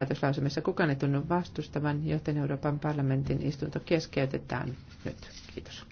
päätöslausumissa kukaan ei tunnu vastustavan, joten Euroopan parlamentin istunto keskeytetään nyt. Kiitos.